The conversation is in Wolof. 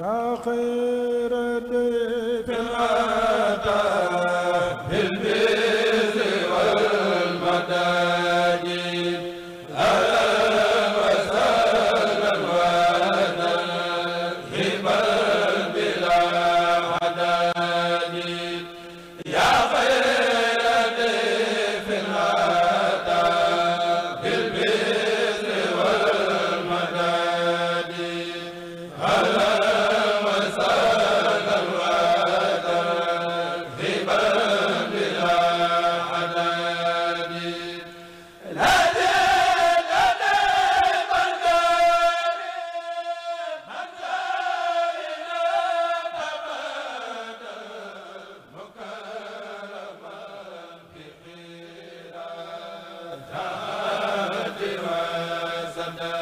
yaa xayra sada